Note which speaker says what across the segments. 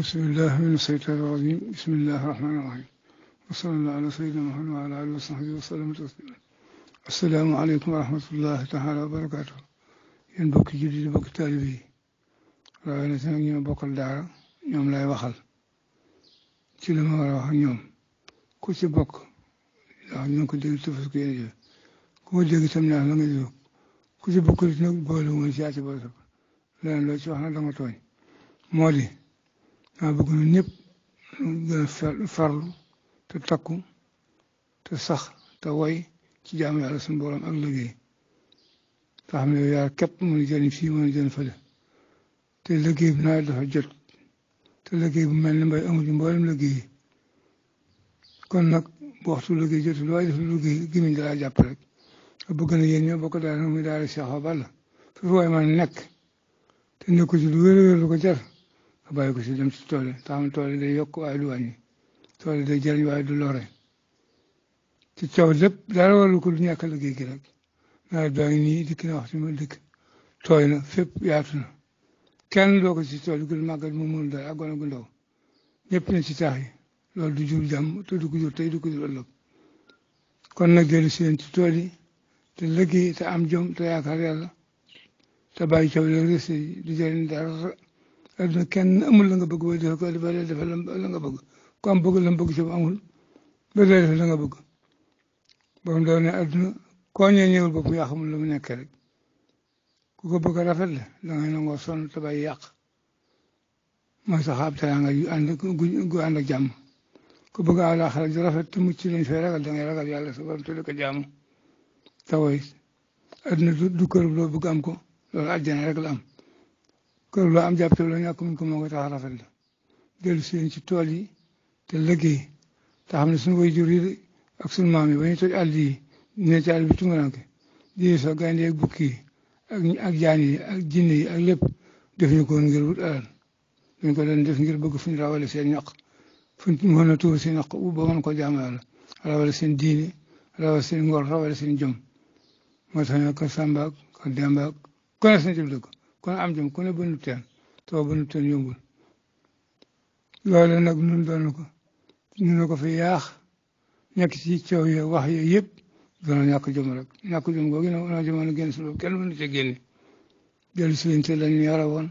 Speaker 1: بسم الله من الشيطان الرجيم بسم الله الرحمن الرحيم وصلى الله على سيدنا محمد وعلى آله وصحبه وسلم تسليما السلام عليكم ورحمة الله تعالى وبركاته ينبوك جديد بوك تالبي رأينا ثانية بوك الدار يوم لا يبخل كل ما رأينا يوم كل شيء بوك لأنه كنت يتفسك يجب كما ديك تمنع لنا يجب كل شيء بوك لتنك بولو من شاعة بولو لأن لو شوحنا لما توين مولي maa bëgg ñun ñëpp ñu gën a farlu te takku te sax te woy ci jaamu yàlla suñu borom ak liggéey te xam ne yow yaa képp mën a jëriñ fii mën a jëriñ fële te liggéey bi nawet dafa jot te liggéey bu mel ni mbay amul ci mboolem liggéey yi kon nag bu waxtu liggéey jotul waaye dafa liggéey gémmiñ dalaa jàpp rek bëgg na yéen ñoo bokk daal muy daal Cheikh Awa Balla fu waay man nekk te nekku ci lu wér-wér lu ko jar bàyyi ko si dem si tool yi taxam tool yi day yokk waaye du wàññi tool yi du lore ci caw lépp dara waral ko du ñàkk a liggéey gi rek nawet baa na wax si ma dikk tooy na fépp yaatu na kenn doo ko si tool yi mu mun dara ak gone gu ndaw ci taax yi loolu du jur jàmm te du jur tey du ko jur ëllëg kon nag dellu si leen ci tool yi te am jom te yaakaar yàlla te bàyyi caw yi rek di adduna kenn amul la nga bëgg booy defal ko dafa lay defal la nga bëgg ku am bëgg la mu bëgg si amul ba lay defal la nga bëgg boobu doo ne adduna koo ñëwee ñëwul bopp yaa xamul lu mu nekk rek ku ko bëgg a rafet la dangay nangoo sonn te bay yàq mooy saxaab teraanga yu ànd gu ànd ak jàmm ku bëgg a àllaaxira ju rafet te mucc lañ fay ragal dangay ragal sa borom te di ko jaamu tawooy adduna du kër loo am ko loolu àjjana rek la am. kër loo am jàpp loo ñàkk muñ ko moo ko tax a rafet la dellu si ci tool yi te liggéey te xam ne suñu way jur yi ak suñu maam yi ba ñu toj àll yi ne ci àll bi tungaranke di soo gaynde ak bukki ak ak jaan yi ak jinne ak lépp def ñu ko ngir wut alal dañ ko doon def ngir bëgg fu ñu rawale seen ñaq fu ñu mën a tuur seen ko jaamu yàlla rawale seen diini rawale seen ngor rawale seen jom moo tax ñu ko Samba ak ko Demba ak ko kon am jëm كن عمدا كن بنتان تو بنتان يومبل loole nag nun doon ko nunu ko fi yaax nekk ci coow ya wax ya yëpp doona ñàkk jëm rek ñàkk jom googu nag ona jamono génn sulu kenn mënu ca génne dellu si te lañ yara woon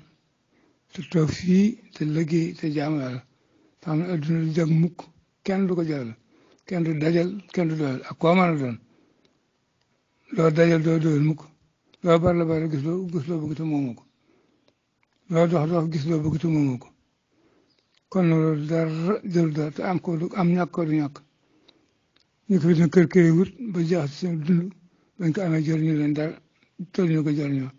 Speaker 1: te toog fii te liggéey te jaamu yàlla xam ne adduna du jag mukk kenn du ko jël kenn du dajal kenn du doyal ak koo mën a doon loo dajal doo doyal mukk loo bar la bar gis loo gis loo bëgg te moomu ko loo dox gis loo bëgg te moomu ko kon loolu dara jël am ko du am ñàkk ko du ñàkk ñu ko fi ba jaax ci seen dund bañ ko amee jëriñu leen dara toll ñu ko jëriñoo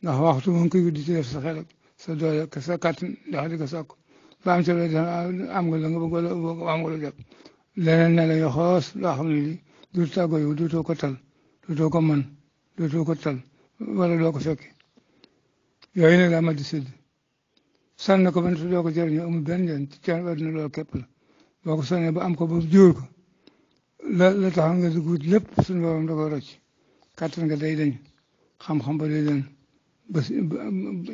Speaker 1: ndax waxtu moom koy wut di ci def sa xel ak sa doole ak sa kàttan ndax di ko sàkku ba am ci loolu dina ah, am nga la nga am nga lu jot leneen ne la yoo xoos loo xam ne lii du ko tal du too ko mën du too ko tal walla doo ko fekke yooyu nag la Ahmadu Sud sonn na ko ba doo ko jëriñoo amul benn njëriñ ci caan àdduna loolu képp la boo ko sonnee ba am ko ba jóor ko la la tax nga dugg lépp suñu borom da ko rocc kàttan nga day dañ xam-xam ba day dañ ba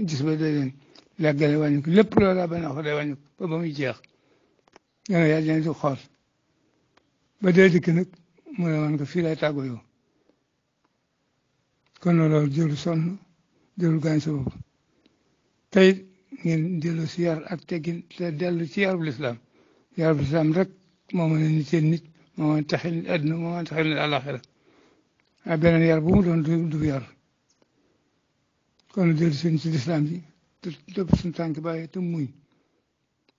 Speaker 1: gis ba day dañ làggale wàññi ko lépp loolu laa benn wax day wàññi ko ba ba muy jeex nga ne yaa jënd di xool ba dee dikk nag mu ne man ko fii lay tàggoo yow kon la jël son jëru gañ so bopp tey ngeen dellu si yar ak teggin te dellu ci yarub lislaam yarub lislaam rek mo mën ni seen nit mo mën taxil aduna mo moo mën taxil al-akhira ak benen yar bu mu don du du yar kon dellu seen ci lislaam ji te dëpp suñu tànk baye te muy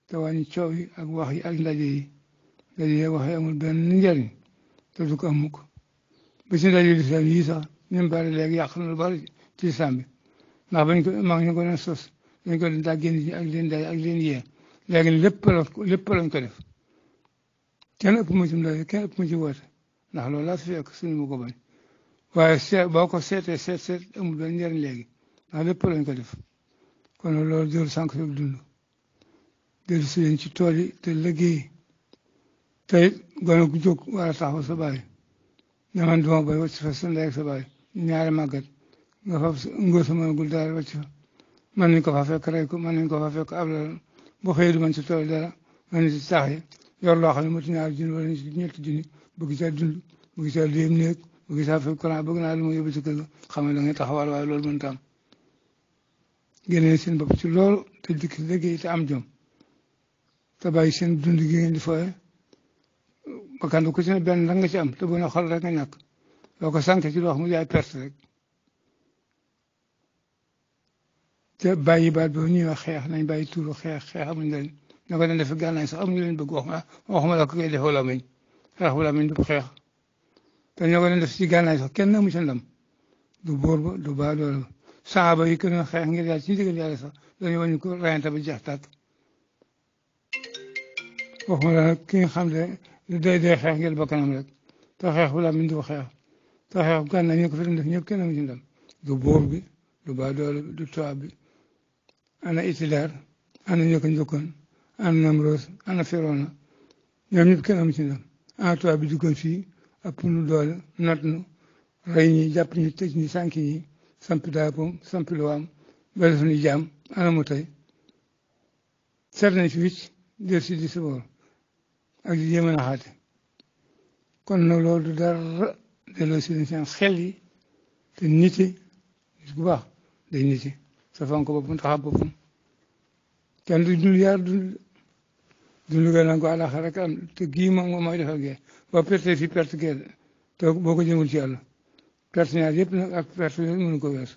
Speaker 1: te wàññi coow yi ak wax yi ak ndaje yi ndaje yi wax yi amul benn njariñ te du ko amuko mukk ba si ndaje lislaam yi sax ñu bari léegi yàq na lu bari ci islam bi ndax bañ ko maa ngi ko doon sos dañ ko doon daa génn ak leen day ak leen yee léegi lépp la lépp lañ ko def ken ëpp mu ci ndaw mu ci woote ndax loolu laa su fekk ko bañ waaye seet boo ko seetee seet seet amul benn njëriñ léegi ndax lépp lañ ko def kon loolu jël sànq fi dund dellu ci tool yi te liggéey tey gone gu jóg war a taxaw sa bàyyi ne man duma bay wacc fa sa ndey ak sa bàyyi ñaari màggat nga fab ngóor sama gul daal wàcc fa man nañ ko fa fekk rey ko man nañ ko fa fekk ab la bu xëyee du man si tool dara man ni si saax yi yor loo xam ne moti ñaari junni wala ñetti junni bëgg saa dund bëgg saa lu yem néeg bëgg saa fekk courant bëgg naa lu ma yóbbu si kër ga xam ne da ngay taxawal waaye loolu mën tam génnee seen bopp ci loolu te dikk liggéey te am jom te bàyyi seen dund gi ngeen di fooye bakkan ku ci ne benn la nga ci am te bu ne xol rek nga ñàkk લોકસંખ્યાથી હમુદાય પરસક te bàyyi baat boobu ñuy wax xeex nañ bàyyi tuuru xeex xeex amuñ leen na ko doon def gànnaay sax amuñ leen bëgg waxuma waxuma la ko koy defoo lamiñ xeex bu lamiñ du xeex te ñoo ko doon def si gànnaay sax kenn amu ci ndam du bóor ba du baa loolu saaba yi kenn xeex ngir yàlla ci digal yàlla sax dañu wañ ko rayante ba jeex tàkk waxuma la nag ki nga xam ne day dee xeex ngir bakkanam rek te xeex bu lamiñ du xeex taxaw gànnaar ñoo ko fi doon def ñëpp kenn amu ci ndam du buur bi du baadoolo bi du tubaab bi ana itilaar ana ñoo ko njëkkoon ana namroos ana firona ñoom ñëpp kenn amu ci ana ah, tubaab bi duggoon fii ëpp doole not rey ñi jàpp ñi tëj ñi sànk ñi sampi daapom sampi ni jaam ana mu tey fi wicc del di si boor ak di jéem a naxaate kon nag loolu du dara delloo si leen seen xel yi te nite nit bu baax day nite sa fan ko boppam taxaw boppam kenn du dul yaar dul dul gën a ko àlaxa rek am te gii moom moom mooy defal gee boo perte fi perte gee boo ko jëmul ci yàlla perte yëpp nag ak perte yooyu mënu ko weesu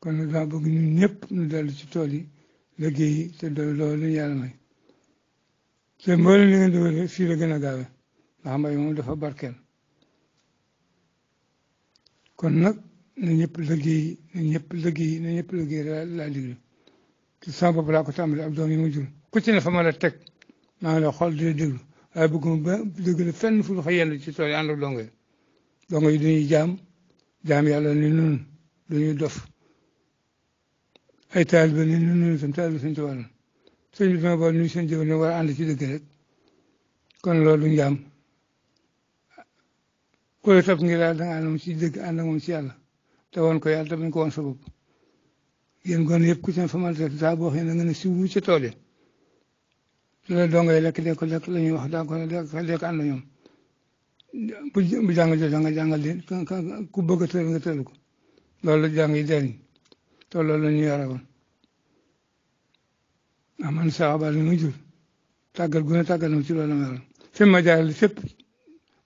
Speaker 1: kon nag dama bëgg ñun ñëpp ñu dellu ci tool yi liggéey yi te loolu la may te mboolem li ngeen di wër fii la gën a Maama moom dafa barkeel kon nag na ñëpp liggéey na ñëpp liggéey na ñëpp liggéey laa laa liggéey ci sama bopp laa ko tàmbalee ak doom yi ma jur ku ci ne fa ma la teg maa ngi la xool di la déglu waaye bëgguma ba dégg la fenn fu ñu xëy yenn ci tool yi ànd ak dongo yi dongo yi dañuy jaam jaam yàlla ni nun dañuy dof ay taal ba ni nun nun tam taal bi suñ tubaab la sëñ bi ma boole nuyu seen jëw ne war a ànd ci dëgg rek kon loolu du njaam ku la topp ngir yàlla da nga ànd ci dëgg ànd ak ci yàlla te woon ko yàlla te bañ ko woon sa bopp yéen gone yëpp ku ci fa mal def saa boo xam ne nga ne si wu ci tool yi loolu dong ngay lekk dee ko lekk la ñuy wax daa ko lekk ànd ñoom bu bu jàng jooju nga jàngal leen ku bëgg a nga tëral ko loolu la jàng yi jëriñ te loolu la ñuy yore woon ah man saa xabaar yi ma jur tàggal gu ne tàggal ci loolu la fi ma jaarale fépp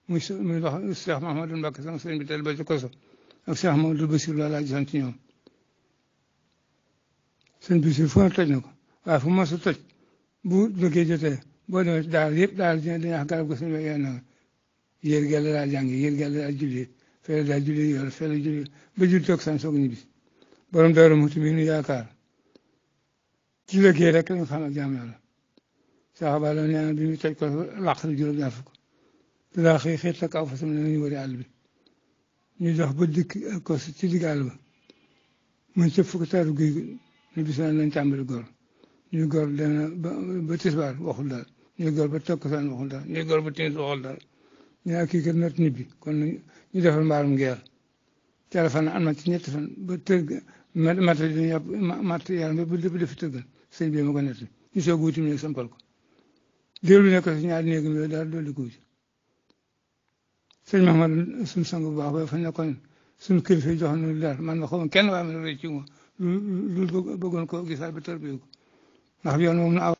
Speaker 1: o Cheikh Mouhamadou Mbacké sama sëriñ bi teel ba ci koso ak Cheikh Mouhamadou Bassir laa laaj sant ñoom sëriñ Bassir fu na toj na ko waaye fu masu bu jógee jotee boo demee daal yëpp daal dañuy wax garab ko suñu bay yéen a yéer gàll laa jàng yéer gàll laa julli fële daa julli yor fële julli ba julli toog san soog ñibbi borom Daaru Muxti mi nu yaakaar ci liggéey rek lañu xam ak jaam yàlla saxaba la nee bi ñu toj ko làq juróom-ñaar لا خيخيت لك عوفة منني ولقلبي نيده بدك كوستي دي قلبه من تفك تارقي نبسان لن تعمل قول نيقول لنا بتسبع وخلال نيقول بتكسان وخلال نيقول بتنس وخلال نياكي كنت نبي كنا نيده في المعلم قيال تعرف أنا أنا تنيتفن بترق ما ما تدني ما تيار بدي بدي فتقن سيبي ما قناتي يسوي قوتي من يسمبلكم ديرو نكسني عاد نيجي من دار دولي قوتي sëñ Mahmad suñ sang bu baax ba fa nekkoon suñ kilifa yi joxoon nañu leer man ma xamoon kenn waa ma rëcc ci moom lu lu bëggoon koo gisaat ba tër bi ko yoon moom na aw